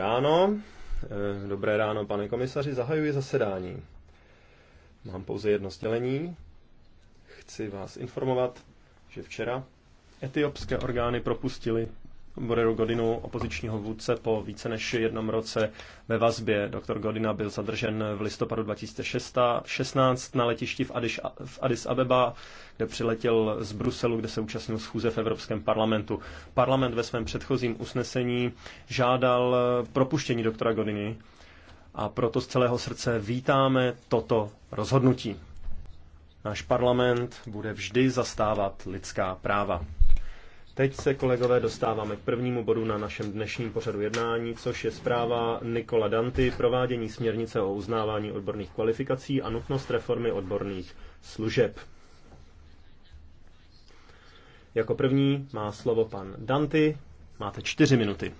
ráno. Eh, dobré ráno, pane komisaři, zahajuji zasedání. Mám pouze jedno sdělení. Chci vás informovat, že včera etiopské orgány propustili Borero Godinu, opozičního vůdce, po více než jednom roce ve vazbě. Doktor Godina byl zadržen v listopadu 2016 na letišti v v Addis Abeba, kde přiletěl z Bruselu, kde se účastnil schůze v Evropském parlamentu. Parlament ve svém předchozím usnesení žádal propuštění doktora Godiny a proto z celého srdce vítáme toto rozhodnutí. Náš parlament bude vždy zastávat lidská práva. Teď se, kolegové, dostáváme k prvnímu bodu na našem dnešním pořadu jednání, což je zpráva Nikola Danty, provádění směrnice o uznávání odborných kvalifikací a nutnost reformy odborných služeb. Jako první má slovo pan Danty. Máte čtyři minuty.